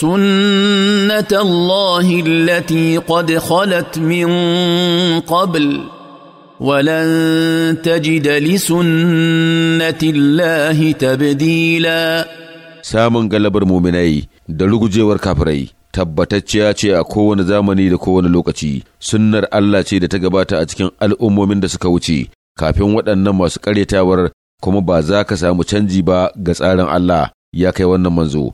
سنه الله التي قد خلت من قبل ولن تجد لسنه الله تبديلا samun galabar muminai da rugujewar kafirai tabbatacciya ce a kowane zamani da kowane lokaci sunnar Allah ce da ta gabata a cikin al'ummomin da suka wuce kafin waɗannan masu karyatawar kuma ba za ka samu canji ba ga tsarin Allah ya kai wannan manzo